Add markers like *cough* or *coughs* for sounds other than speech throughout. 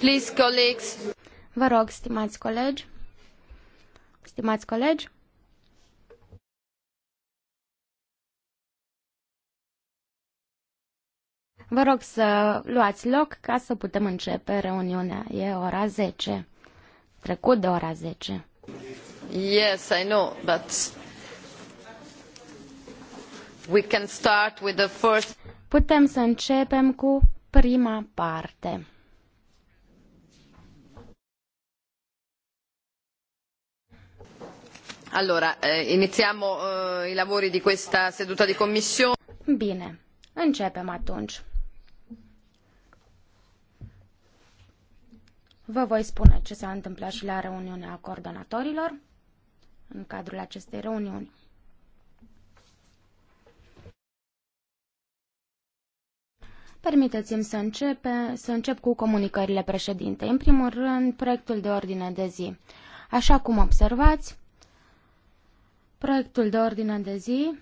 Please, colleagues. Vă rog, stimați colegi. Stimați colegi. Vă rog să luați loc ca să putem începe reuniunea. E ora 10. Trecut de ora 10. Yes, I know, but we can start with the first Putem să începem cu Prima parte. Allora, eh, iniziamo eh, i lavori di questa seduta di commissione. Bene, începem atunci. Vă voi spune ce s-a întâmplat și la reuniunea coordonatorilor în cadrul acestei reuniuni. Permiteți-mi să, începe, să încep cu comunicările președintei. În primul rând, proiectul de ordine de zi. Așa cum observați, proiectul de ordine de zi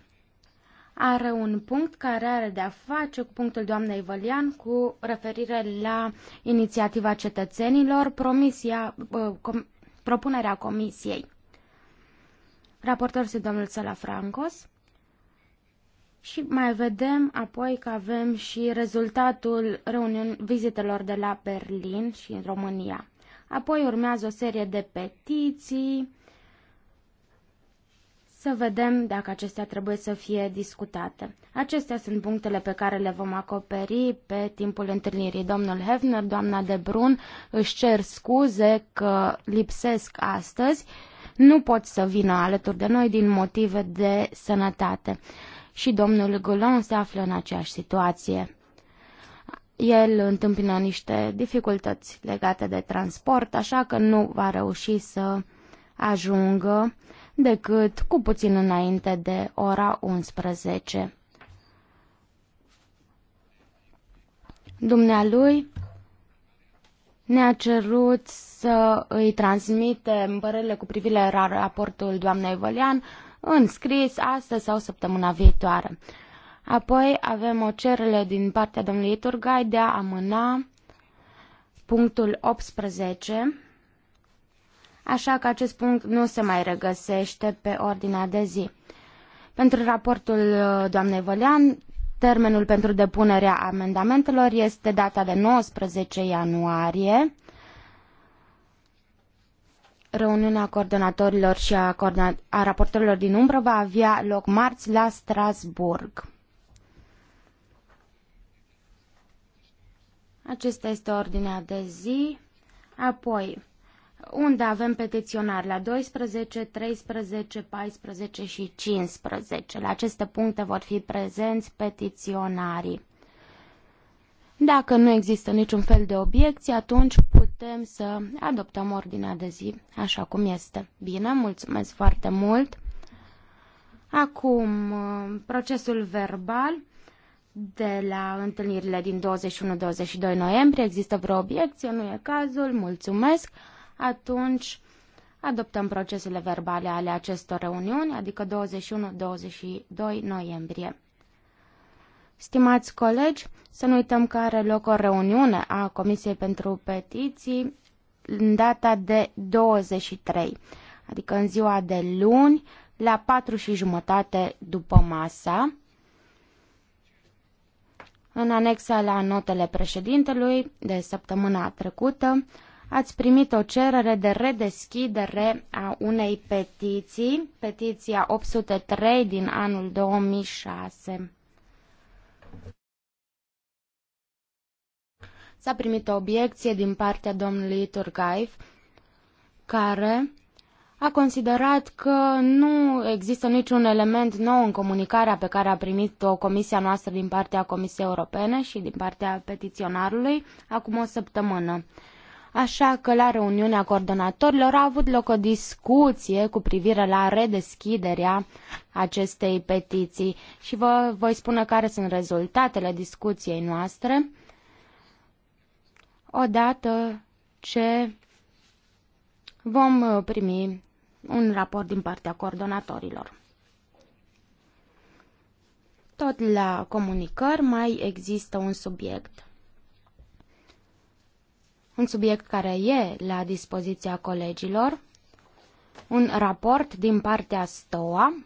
are un punct care are de-a face cu punctul doamnei Vălian cu referire la inițiativa cetățenilor, promisia, uh, com, propunerea comisiei. Raportor este domnul Sala Francos. Și mai vedem apoi că avem și rezultatul reuniun, vizitelor de la Berlin și în România. Apoi urmează o serie de petiții. Să vedem dacă acestea trebuie să fie discutate. Acestea sunt punctele pe care le vom acoperi pe timpul întâlnirii. Domnul Hefner, doamna De Brun, își cer scuze că lipsesc astăzi. Nu pot să vină alături de noi din motive de sănătate și domnul Goulon se află în aceeași situație. El întâmpină niște dificultăți legate de transport, așa că nu va reuși să ajungă decât cu puțin înainte de ora 11. Dumnealui ne-a cerut să îi transmitem părerile cu privire la raportul doamnei Vălian, în scris astăzi sau săptămâna viitoare. Apoi avem o cerere din partea domnului Turgai de a amâna punctul 18, așa că acest punct nu se mai regăsește pe ordinea de zi. Pentru raportul uh, doamnei Vălean, termenul pentru depunerea amendamentelor este data de 19 ianuarie Reuniunea coordonatorilor și a, a raportorilor din umbră va avea loc marți la Strasburg. Acesta este ordinea de zi. Apoi, unde avem petiționari la 12, 13, 14 și 15. La aceste puncte vor fi prezenți petiționarii. Dacă nu există niciun fel de obiecție, atunci putem să adoptăm ordinea de zi așa cum este. Bine, mulțumesc foarte mult. Acum, uh, procesul verbal de la întâlnirile din 21-22 noiembrie. Există vreo obiecție? Nu e cazul. Mulțumesc. Atunci adoptăm procesele verbale ale acestor reuniuni, adică 21-22 noiembrie. Stimați colegi, să nu uităm că are loc o reuniune a Comisiei pentru Petiții în data de 23, adică în ziua de luni, la 4 și jumătate după masa. În anexa la notele președintelui de săptămâna trecută, ați primit o cerere de redeschidere a unei petiții, petiția 803 din anul 2006. S-a primit o obiecție din partea domnului Turgaif, care a considerat că nu există niciun element nou în comunicarea pe care a primit-o comisia noastră din partea Comisiei Europene și din partea petiționarului acum o săptămână. Așa că la reuniunea coordonatorilor a avut loc o discuție cu privire la redeschiderea acestei petiții și vă voi spune care sunt rezultatele discuției noastre odată ce vom uh, primi un raport din partea coordonatorilor. Tot la comunicări mai există un subiect. Un subiect care e la dispoziția colegilor, un raport din partea STOA,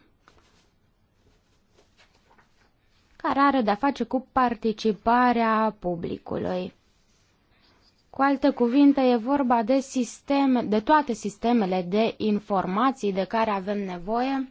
care are de-a face cu participarea publicului. Cu alte cuvinte, e vorba de, sisteme, de toate sistemele de informații de care avem nevoie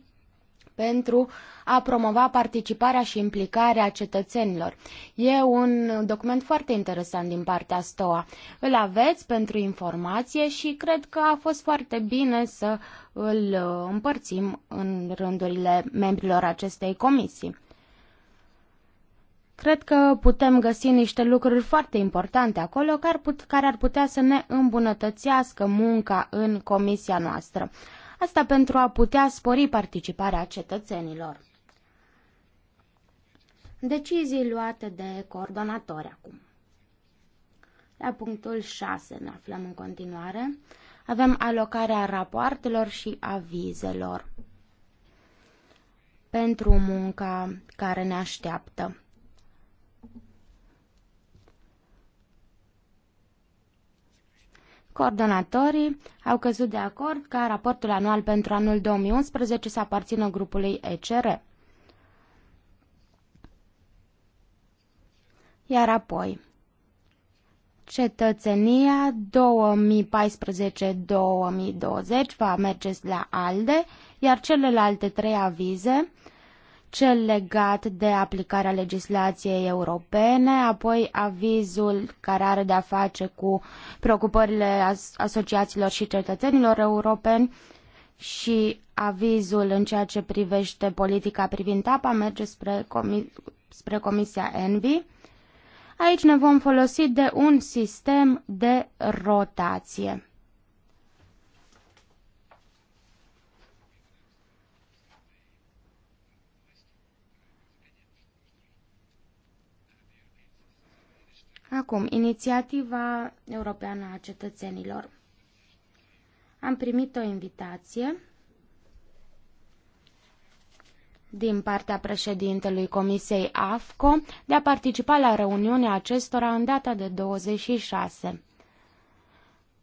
pentru a promova participarea și implicarea cetățenilor. E un document foarte interesant din partea STOA. Îl aveți pentru informație și cred că a fost foarte bine să îl uh, împărțim în rândurile membrilor acestei comisii. Cred că putem găsi niște lucruri foarte importante acolo care, put, care ar putea să ne îmbunătățească munca în comisia noastră. Asta pentru a putea spori participarea cetățenilor. Decizii luate de coordonatori acum. La punctul 6 ne aflăm în continuare. Avem alocarea rapoartelor și avizelor pentru munca care ne așteaptă. Coordonatorii au căzut de acord ca raportul anual pentru anul 2011 să aparțină grupului ECR. Iar apoi, cetățenia 2014-2020 va merge la ALDE, iar celelalte trei avize cel legat de aplicarea legislației europene, apoi avizul care are de-a face cu preocupările asociațiilor și cetățenilor europeni și avizul în ceea ce privește politica privind apa merge spre, comi- spre Comisia Envi. Aici ne vom folosi de un sistem de rotație. Acum, inițiativa europeană a cetățenilor. Am primit o invitație din partea președintelui Comisiei AFCO de a participa la reuniunea acestora în data de 26.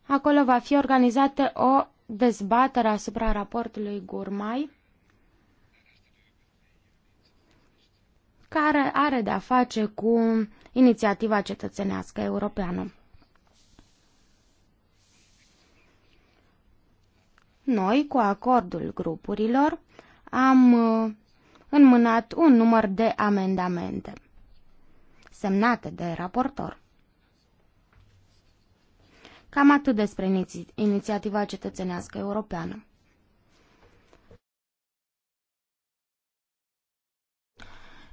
Acolo va fi organizată o dezbatere asupra raportului Gurmai care are de-a face cu inițiativa cetățenească europeană. Noi, cu acordul grupurilor, am uh, înmânat un număr de amendamente semnate de raportor. Cam atât despre iniți inițiativa cetățenească europeană.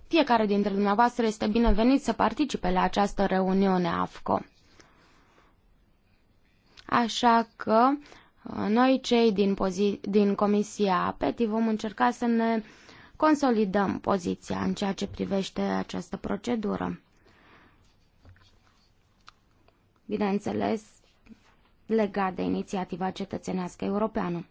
Fiecare dintre dumneavoastră este binevenit să participe la această reuniune AFCO. Așa că uh, noi, cei din, din Comisia PETI, vom încerca să ne consolidăm poziția în ceea ce privește această procedură. Bineînțeles, legat de inițiativa cetățenească europeană.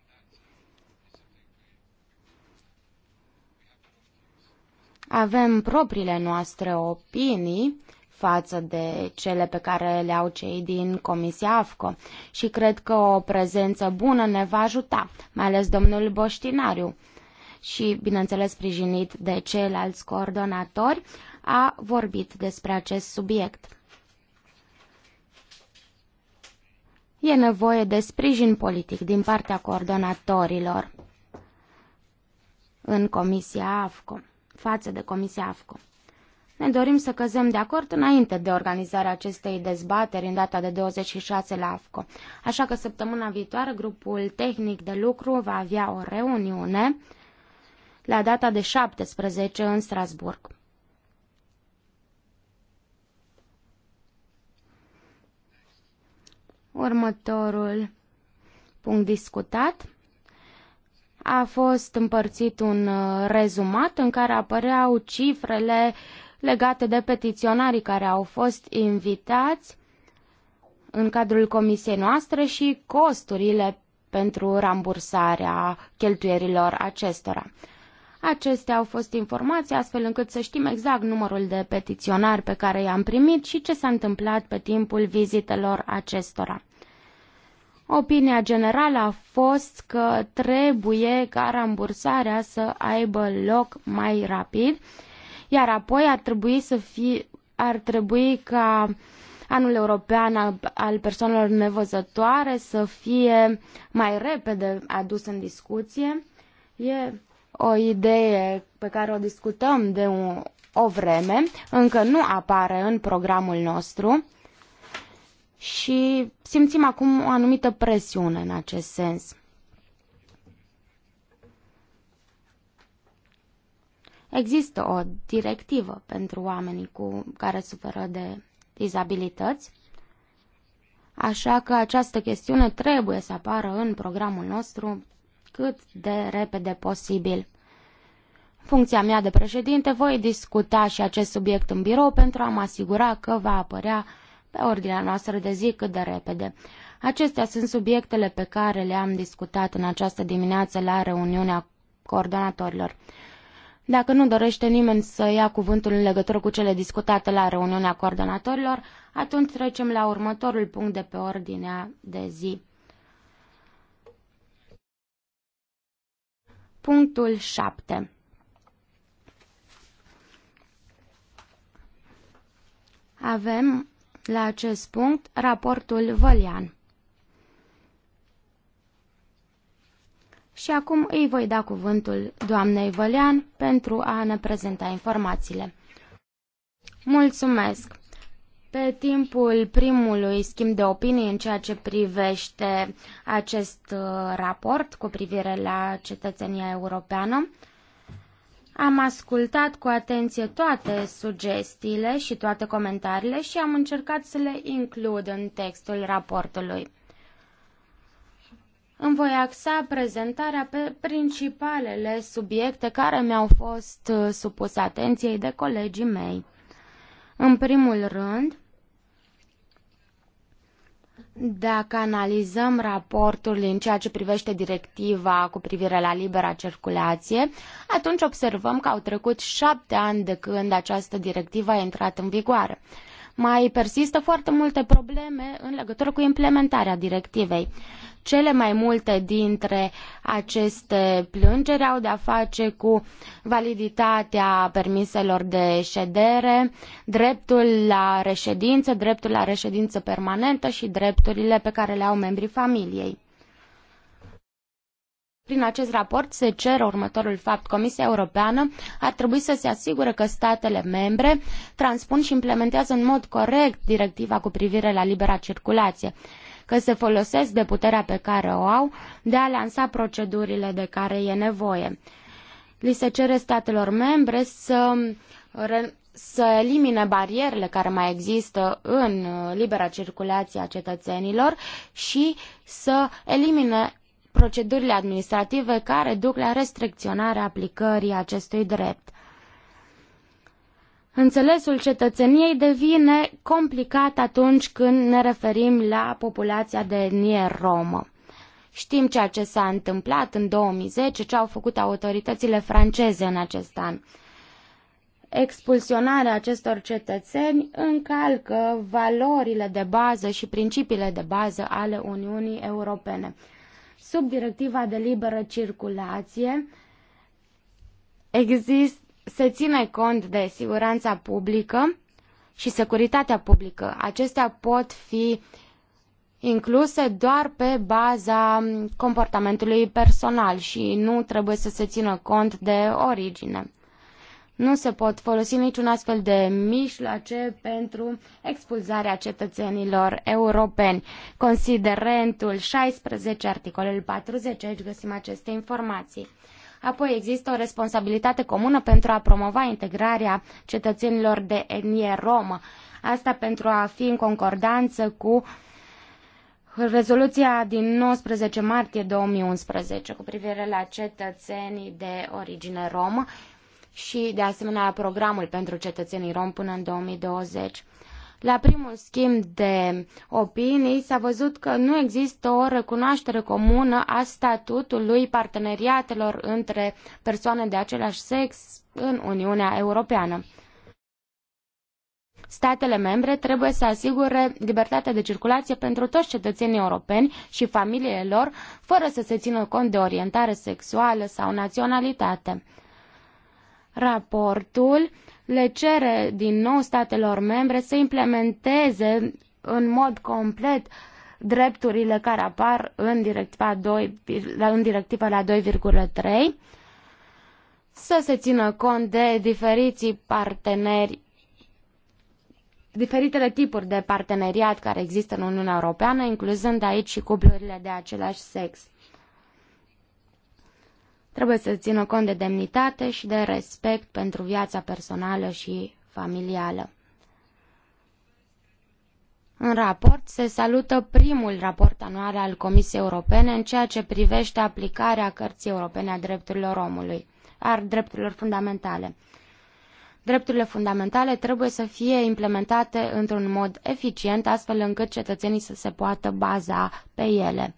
Avem propriile noastre opinii față de cele pe care le au cei din Comisia AFCO și cred că o prezență bună ne va ajuta, mai ales domnul Boștinariu și, bineînțeles, sprijinit de ceilalți coordonatori, a vorbit despre acest subiect. E nevoie de sprijin politic din partea coordonatorilor în Comisia AFCO față de Comisia AFCO. Ne dorim să căzem de acord înainte de organizarea acestei dezbateri în data de 26 la AFCO. Așa că săptămâna viitoare grupul tehnic de lucru va avea o reuniune la data de 17 în Strasburg. Următorul punct discutat a fost împărțit un uh, rezumat în care apăreau cifrele legate de petiționarii care au fost invitați în cadrul comisiei noastre și costurile pentru rambursarea cheltuierilor acestora. Acestea au fost informații astfel încât să știm exact numărul de petiționari pe care i-am primit și ce s-a întâmplat pe timpul vizitelor acestora. Opinia generală a fost că trebuie ca rambursarea să aibă loc mai rapid, iar apoi ar trebui să fie, ar trebui ca anul european al, al persoanelor nevăzătoare să fie mai repede adus în discuție. E o idee pe care o discutăm de o, o vreme, încă nu apare în programul nostru și simțim acum o anumită presiune în acest sens. Există o directivă pentru oamenii cu care suferă de dizabilități, așa că această chestiune trebuie să apară în programul nostru cât de repede posibil. Funcția mea de președinte, voi discuta și acest subiect în birou pentru a mă asigura că va apărea pe ordinea noastră de zi cât de repede. Acestea sunt subiectele pe care le-am discutat în această dimineață la reuniunea coordonatorilor. Dacă nu dorește nimeni să ia cuvântul în legătură cu cele discutate la reuniunea coordonatorilor, atunci trecem la următorul punct de pe ordinea de zi. Punctul 7. Avem la acest punct raportul Vălian. Și acum îi voi da cuvântul doamnei Vălean pentru a ne prezenta informațiile. Mulțumesc! Pe timpul primului schimb de opinii în ceea ce privește acest uh, raport cu privire la cetățenia europeană, am ascultat cu atenție toate sugestiile și toate comentariile și am încercat să le includ în textul raportului. Îmi voi axa prezentarea pe principalele subiecte care mi-au fost uh, supuse atenției de colegii mei. În primul rând, dacă analizăm raportul în ceea ce privește directiva cu privire la libera circulație, atunci observăm că au trecut șapte ani de când această directivă a intrat în vigoare. Mai persistă foarte multe probleme în legătură cu implementarea directivei. Cele mai multe dintre aceste plângeri au de-a face cu validitatea permiselor de ședere, dreptul la reședință, dreptul la reședință permanentă și drepturile pe care le au membrii familiei. Prin acest raport se cere următorul fapt. Comisia Europeană ar trebui să se asigure că statele membre transpun și implementează în mod corect directiva cu privire la libera circulație că se folosesc de puterea pe care o au de a lansa procedurile de care e nevoie. Li se cere statelor membre să să elimine barierele care mai există în libera circulație a cetățenilor și să elimine procedurile administrative care duc la restricționarea aplicării acestui drept. Înțelesul cetățeniei devine complicat atunci când ne referim la populația de etnie romă. Știm ceea ce s-a întâmplat în 2010, ce au făcut autoritățile franceze în acest an. Expulsionarea acestor cetățeni încalcă valorile de bază și principiile de bază ale Uniunii Europene. Sub directiva de liberă circulație, exist, se ține cont de siguranța publică și securitatea publică. Acestea pot fi incluse doar pe baza comportamentului personal și nu trebuie să se țină cont de origine. Nu se pot folosi niciun astfel de mijloace pentru expulzarea cetățenilor europeni. Considerentul 16, articolul 40, aici găsim aceste informații. Apoi există o responsabilitate comună pentru a promova integrarea cetățenilor de etnie romă. Asta pentru a fi în concordanță cu rezoluția din 19 martie 2011 cu privire la cetățenii de origine romă și, de asemenea, programul pentru cetățenii rom până în 2020. La primul schimb de opinii s-a văzut că nu există o recunoaștere comună a statutului parteneriatelor între persoane de același sex în Uniunea Europeană. Statele membre trebuie să asigure libertatea de circulație pentru toți cetățenii europeni și familiile lor, fără să se țină cont de orientare sexuală sau naționalitate. Raportul le cere din nou statelor membre să implementeze în mod complet drepturile care apar în directiva, 2, în directiva la 2,3 să se țină cont de diferiții parteneri diferitele tipuri de parteneriat care există în Uniunea Europeană, incluzând aici și cuplurile de același sex. Trebuie să țină cont de demnitate și de respect pentru viața personală și familială. În raport se salută primul raport anual al Comisiei Europene în ceea ce privește aplicarea Cărții Europene a Drepturilor Omului, a drepturilor fundamentale. Drepturile fundamentale trebuie să fie implementate într-un mod eficient, astfel încât cetățenii să se poată baza pe ele.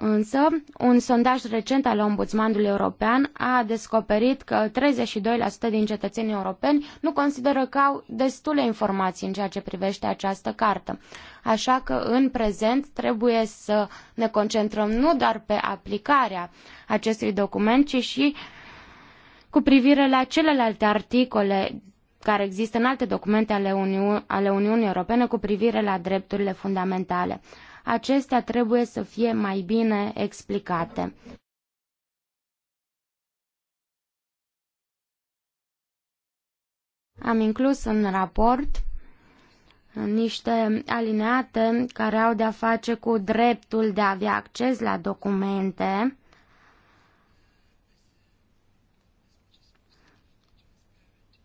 Însă, un sondaj recent al Ombudsmanului European a descoperit că 32% din cetățenii europeni nu consideră că au destule informații în ceea ce privește această carte. Așa că, în prezent, trebuie să ne concentrăm nu doar pe aplicarea acestui document, ci și cu privire la celelalte articole care există în alte documente ale, Uniunii Europene cu privire la drepturile fundamentale acestea trebuie să fie mai bine explicate. Am inclus în raport niște alineate care au de-a face cu dreptul de a avea acces la documente,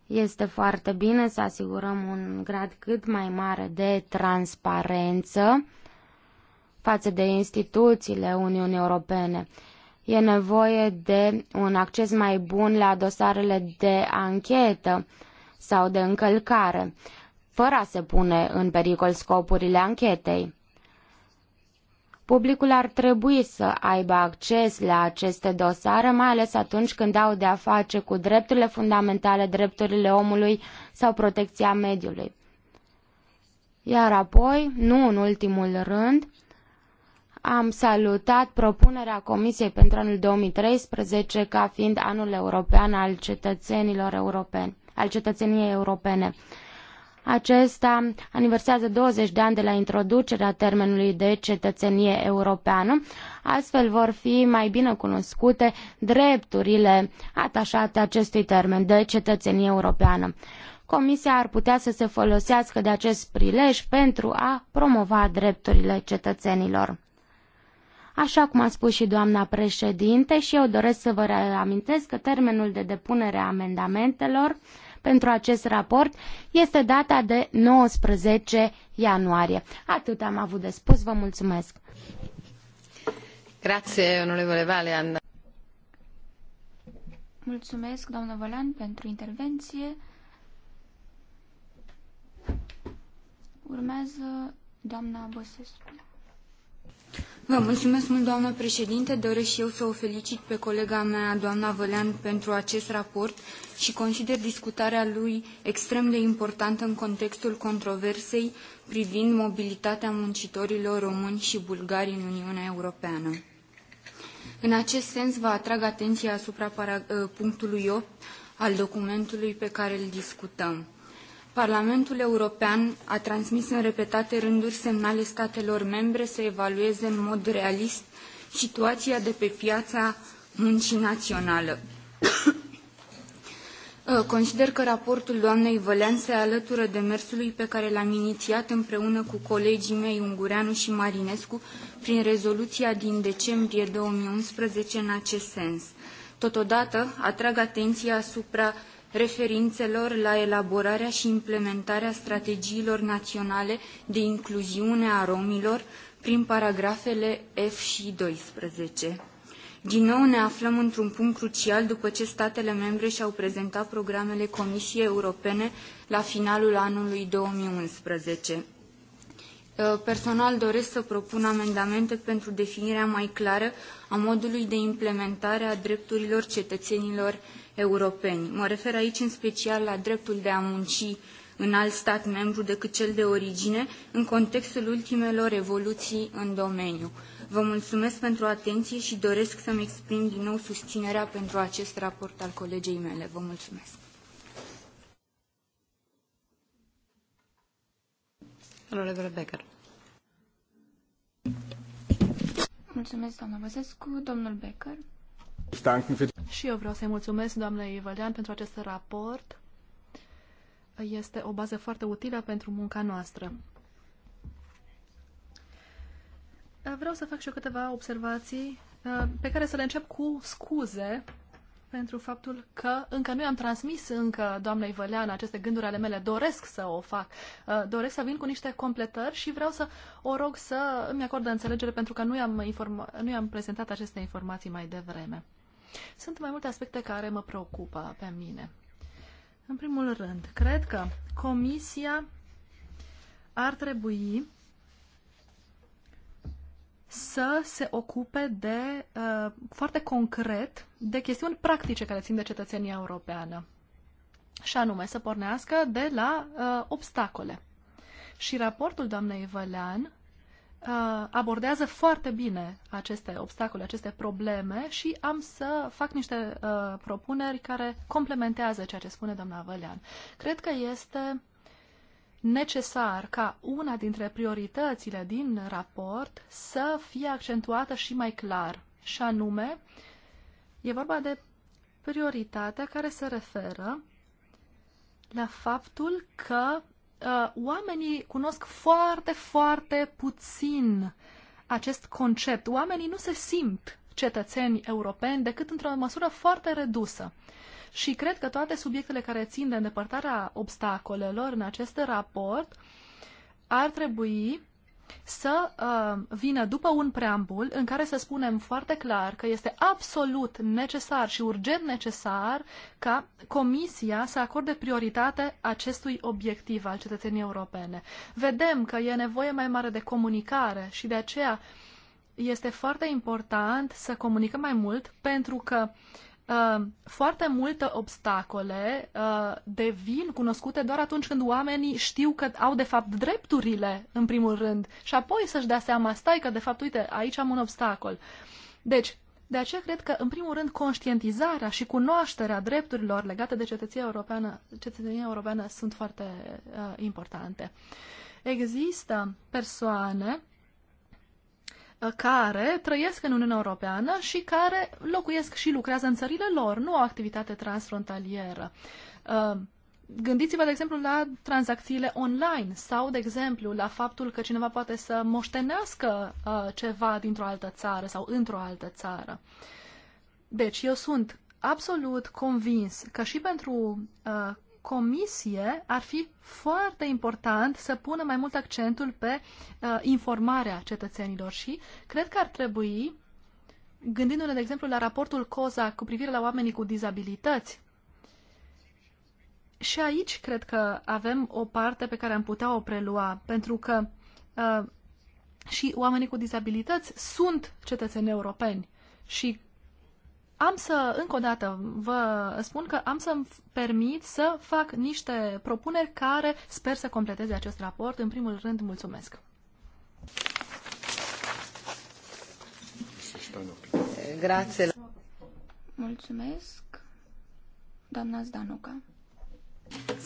Este foarte bine să asigurăm un grad cât mai mare de transparență față de instituțiile Uniunii Europene. E nevoie de un acces mai bun la dosarele de anchetă sau de încălcare, fără a se pune în pericol scopurile anchetei. Publicul ar trebui să aibă acces la aceste dosare, mai ales atunci când au de-a face cu drepturile fundamentale, drepturile omului sau protecția mediului. Iar apoi, nu în ultimul rând, am salutat propunerea Comisiei pentru anul 2013 ca fiind anul european al cetățenilor europeni, al cetățeniei europene. Acesta aniversează 20 de ani de la introducerea termenului de cetățenie europeană. Astfel vor fi mai bine cunoscute drepturile atașate acestui termen de cetățenie europeană. Comisia ar putea să se folosească de acest prilej pentru a promova drepturile cetățenilor. Așa cum a spus și doamna președinte și eu doresc să vă reamintesc că termenul de depunere a amendamentelor pentru acest raport este data de 19 ianuarie. Atât am avut de spus, vă mulțumesc. Grazie, onorevole Valean. Mulțumesc, doamnă Valean, pentru intervenție. Urmează doamna Băsescu. Vă mulțumesc mult, doamnă președinte. Doresc și eu să o felicit pe colega mea, doamna Vălean, pentru acest raport și consider discutarea lui extrem de importantă în contextul controversei privind mobilitatea muncitorilor români și bulgari în Uniunea Europeană. În acest sens, vă atrag atenția asupra ă, punctului 8 al documentului pe care îl discutăm. Parlamentul European a transmis în repetate rânduri semnale statelor membre să evalueze în mod realist situația de pe piața muncii națională. *coughs* Uh, consider că raportul doamnei Vălean se alătură demersului pe care l-am inițiat împreună cu colegii mei Ungureanu și Marinescu prin rezoluția din decembrie 2011 în acest sens. Totodată atrag atenția asupra referințelor la elaborarea și implementarea strategiilor naționale de incluziune a romilor prin paragrafele F și 12. Din nou ne aflăm într-un punct crucial după ce statele membre și-au prezentat programele Comisiei Europene la finalul anului 2011. Uh, personal doresc să propun amendamente pentru definirea mai clară a modului de implementare a drepturilor cetățenilor europeni. Mă refer aici în special la dreptul de a munci în alt stat membru decât cel de origine, în contextul ultimelor evoluții în domeniu. Vă mulțumesc pentru atenție și doresc să-mi exprim din nou susținerea pentru acest raport al colegei mele. Vă mulțumesc! Mulțumesc, Și eu vreau să-i mulțumesc doamnei Vălean pentru acest raport. Este o bază foarte utilă pentru munca noastră. Vreau să fac și eu câteva observații uh, pe care să le încep cu scuze pentru faptul că încă nu am transmis încă doamnei Vălean aceste gânduri ale mele. Doresc să o fac. Uh, doresc să vin cu niște completări și vreau să o rog să îmi acordă înțelegere pentru că nu i-am, informa- nu i-am prezentat aceste informații mai devreme. Sunt mai multe aspecte care mă preocupă pe mine. În primul rând, cred că Comisia ar trebui să se ocupe de, uh, foarte concret de chestiuni practice care țin de cetățenia europeană. Și anume să pornească de la uh, obstacole. Și raportul doamnei Vălean uh, abordează foarte bine aceste obstacole, aceste probleme și am să fac niște uh, propuneri care complementează ceea ce spune doamna Vălean. Cred că este uh, necesar ca una dintre prioritățile din raport să fie accentuată și mai clar, și anume, e vorba de prioritatea care se referă la faptul că uh, oamenii cunosc foarte, foarte puțin acest concept. Oamenii nu se simt cetățeni europeni decât într-o măsură foarte redusă. Uh, și cred că toate subiectele care țin de îndepărtarea obstacolelor în acest raport ar trebui să uh, vină după un preambul în care să spunem foarte clar că este absolut necesar și urgent necesar ca Comisia să acorde prioritate acestui obiectiv al cetățenii europene. Vedem că e nevoie mai mare de comunicare și de aceea este foarte important să comunicăm mai mult pentru că uh, Uh, foarte multe obstacole uh, devin cunoscute doar atunci când oamenii știu că au de fapt drepturile, în primul rând, și apoi să-și dea seama, stai că de fapt, uite, aici am un obstacol. Deci, de aceea cred că, în primul rând, conștientizarea și cunoașterea drepturilor legate de cetățenia europeană, cetățenia europeană sunt foarte uh, importante. Există persoane Uh, care trăiesc în Uniunea Europeană și care locuiesc și lucrează în țările lor, nu o activitate transfrontalieră. Uh, gândiți-vă, de exemplu, la tranzacțiile online sau, de exemplu, la faptul că cineva poate să moștenească uh, ceva dintr-o altă țară sau într-o altă țară. Deci, eu sunt absolut convins că și pentru comisie ar fi foarte important să pună mai mult accentul pe uh, informarea cetățenilor și cred că ar trebui, gândindu-ne, de exemplu, la raportul COZA cu privire la oamenii cu dizabilități, și aici cred că avem o parte pe care am putea o prelua, pentru că uh, și oamenii cu dizabilități sunt cetățeni europeni și am să, încă o dată, vă spun că am să-mi permit să fac niște propuneri care sper să completeze acest raport. În primul rând, mulțumesc. Mulțumesc, doamna Zdanuca.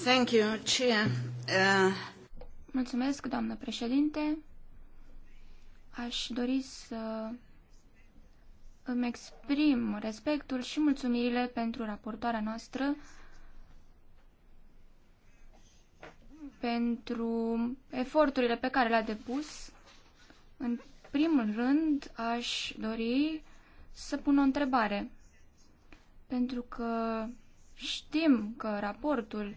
Thank you, Chair. Uh... Mulțumesc, doamnă președinte. Aș dori să îmi exprim respectul și mulțumirile pentru raportoarea noastră, pentru eforturile pe care le-a depus. În primul rând, aș dori să pun o întrebare, pentru că știm că raportul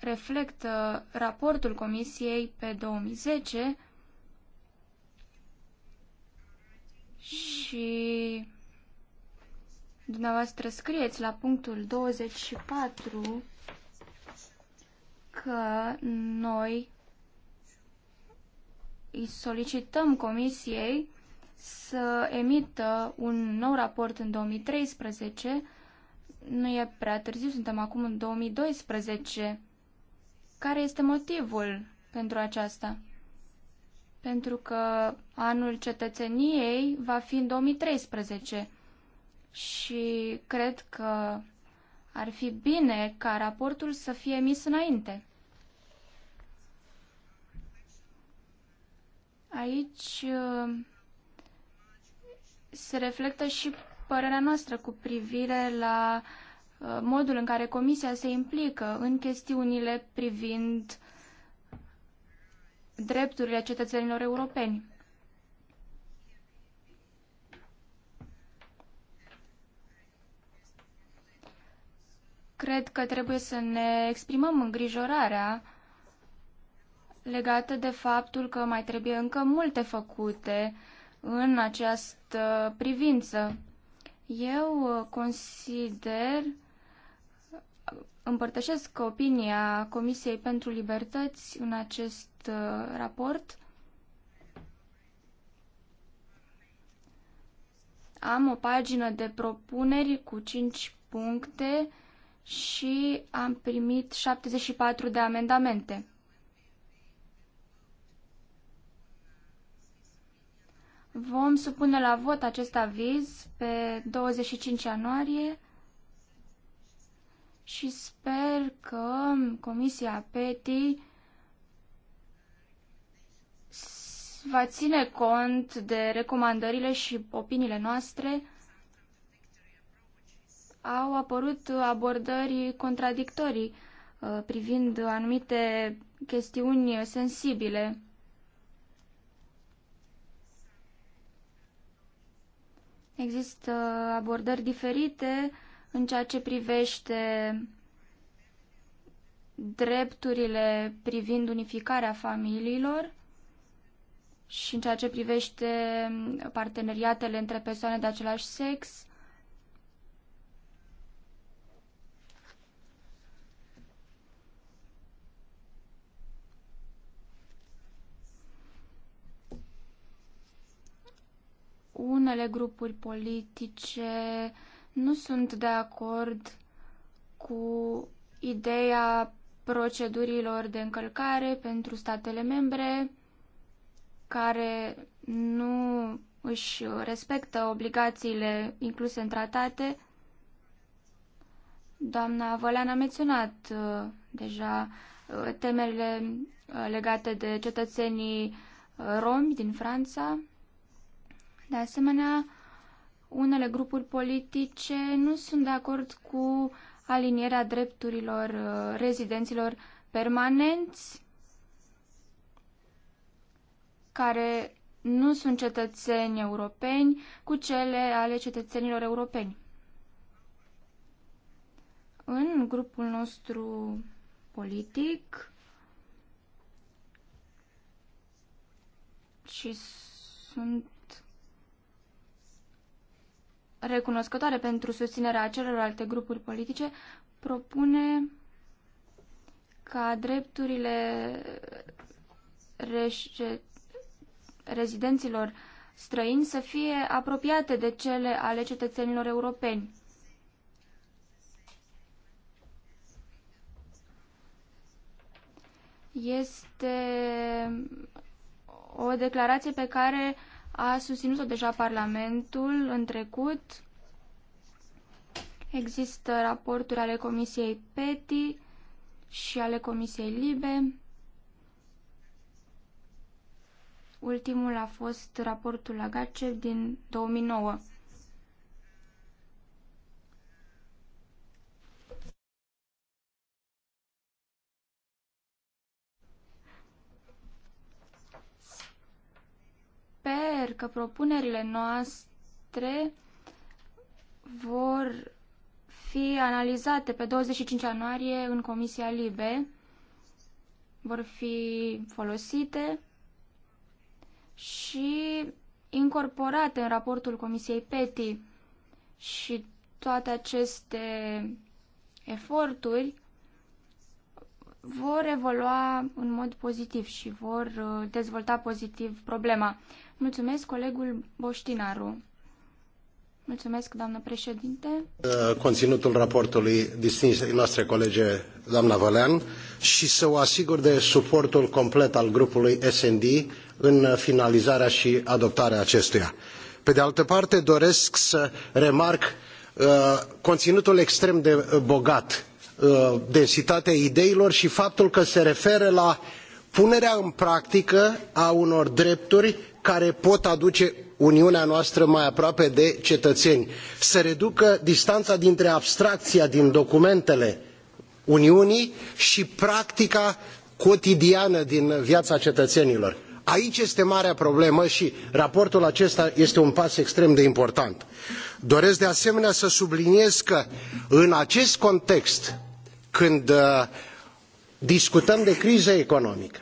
reflectă raportul Comisiei pe 2010 Și dumneavoastră scrieți la punctul 24 că noi îi solicităm comisiei să emită un nou raport în 2013. Nu e prea târziu, suntem acum în 2012. Care este motivul pentru aceasta? pentru că anul cetățeniei va fi în 2013 și cred că ar fi bine ca raportul să fie emis înainte. Aici uh, se reflectă și părerea noastră cu privire la uh, modul în care Comisia se implică în chestiunile privind drepturile cetățenilor europeni. Cred că trebuie să ne exprimăm îngrijorarea legată de faptul că mai trebuie încă multe făcute în această privință. Eu consider împărtășesc opinia Comisiei pentru Libertăți în acest uh, raport. Am o pagină de propuneri cu 5 puncte și am primit 74 de amendamente. Vom supune la vot acest aviz pe 25 ianuarie și sper că Comisia PETI va ține cont de recomandările și opiniile noastre. Au apărut abordări contradictorii uh, privind anumite chestiuni sensibile. Există abordări diferite în ceea ce privește drepturile privind unificarea familiilor și în ceea ce privește parteneriatele între persoane de același sex. Unele grupuri politice nu sunt de acord cu ideea procedurilor de încălcare pentru statele membre care nu își respectă obligațiile incluse în tratate. Doamna Vălean a menționat uh, deja uh, temerile uh, legate de cetățenii romi din Franța. De asemenea, unele grupuri politice nu sunt de acord cu alinierea drepturilor uh, rezidenților permanenți care nu sunt cetățeni europeni cu cele ale cetățenilor europeni. În grupul nostru politic și sunt recunoscătoare pentru susținerea celorlalte grupuri politice, propune ca drepturile rezidenților străini să fie apropiate de cele ale cetățenilor europeni. Este o declarație pe care uh, a susținut-o deja Parlamentul în trecut. Există raporturi ale Comisiei PETI și ale Comisiei LIBE. Ultimul a fost raportul Agacev din 2009. sper că propunerile noastre vor fi analizate pe 25 ianuarie în Comisia Libe, vor fi folosite și incorporate în raportul Comisiei PETI și toate aceste eforturi vor evolua în mod pozitiv și vor uh, dezvolta pozitiv problema. Mulțumesc, colegul Boștinaru. Mulțumesc, doamnă președinte. Uh, conținutul raportului distinsei noastre colege, doamna Vălean, și să o asigur de suportul complet al grupului SND în finalizarea și adoptarea acestuia. Pe de altă parte, doresc să remarc uh, conținutul extrem de bogat Uh, densitatea ideilor și faptul că se referă la punerea în practică a unor drepturi care pot aduce uniunea noastră mai aproape de cetăeni să reducă distanța dintre abstracția din documentele uniunii și practica cotidiană din viața cetățenilor. Aici este marea problemă și raportul acesta este un pas extrem de important. Doresc de asemenea să subliniez că în acest context când uh, discutăm de criză economică,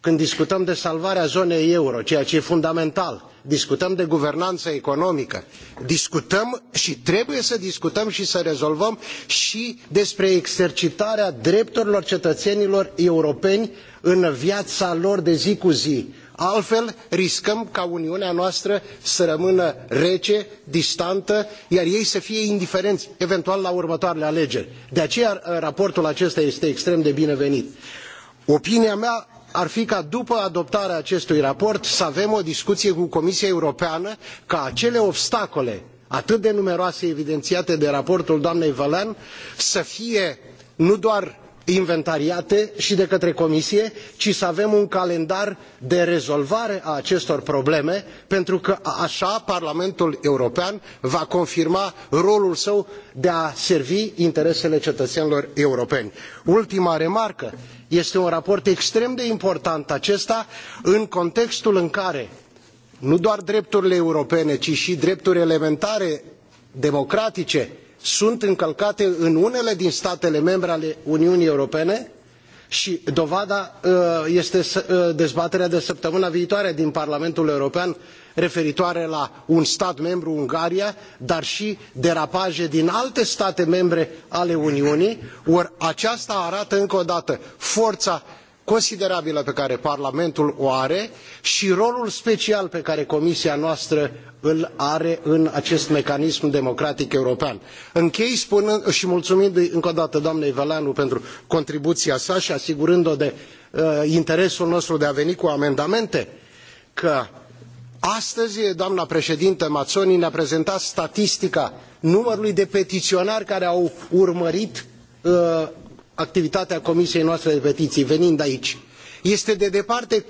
când discutăm de salvarea zonei euro, ceea ce e fundamental, discutăm de guvernanță economică, discutăm și trebuie să discutăm și să rezolvăm și despre exercitarea drepturilor cetățenilor europeni în viața lor de zi cu zi altfel riscăm ca uniunea noastră să rămână rece distantă iar ei să fie indiferenți eventual la următoarele alegeri. de aceea uh, raportul acesta este extrem de binevenit. opinia mea ar fi ca după adoptarea acestui raport să avem o discuție cu comisia europeană ca acele obstacole atât de numeroase evidențiate de raportul doamnei vlean să fie nu doar inventariate i de către comisie ci să avem un calendar de rezolvare a acestor probleme pentru că aa parlamentul european va confirma rolul său de a servi interesele cetăenilor europeni. ultima remarcă este un raport extrem de important acesta în contextul în care nu doar drepturile europene ci i drepturi elementare democratice sunt încălcate în unele din statele membre ale uniunii europene i dovada uh, este uh, dezbaterea de săptămâna viitoare din parlamentul european referitoare la un stat membru ungaria dar i derapaje din alte state membre ale uniunii ori aceasta arată încă o dată fora considerabilă pe care parlamentul o are i rolul special pe care comisia noastră îl are în acest mecanism democratic european. închei spunând și mulțumind încă o dată doamnei vleanu pentru contribuia sa i asigurându o de uh, interesul nostru de a veni cu amendamente că astăzi doamna preedintă mazzoni ne a prezentat statistica numărului de petiionari care au urmărit uh, activitatea comisiei noastre de petiii venind aici este de departe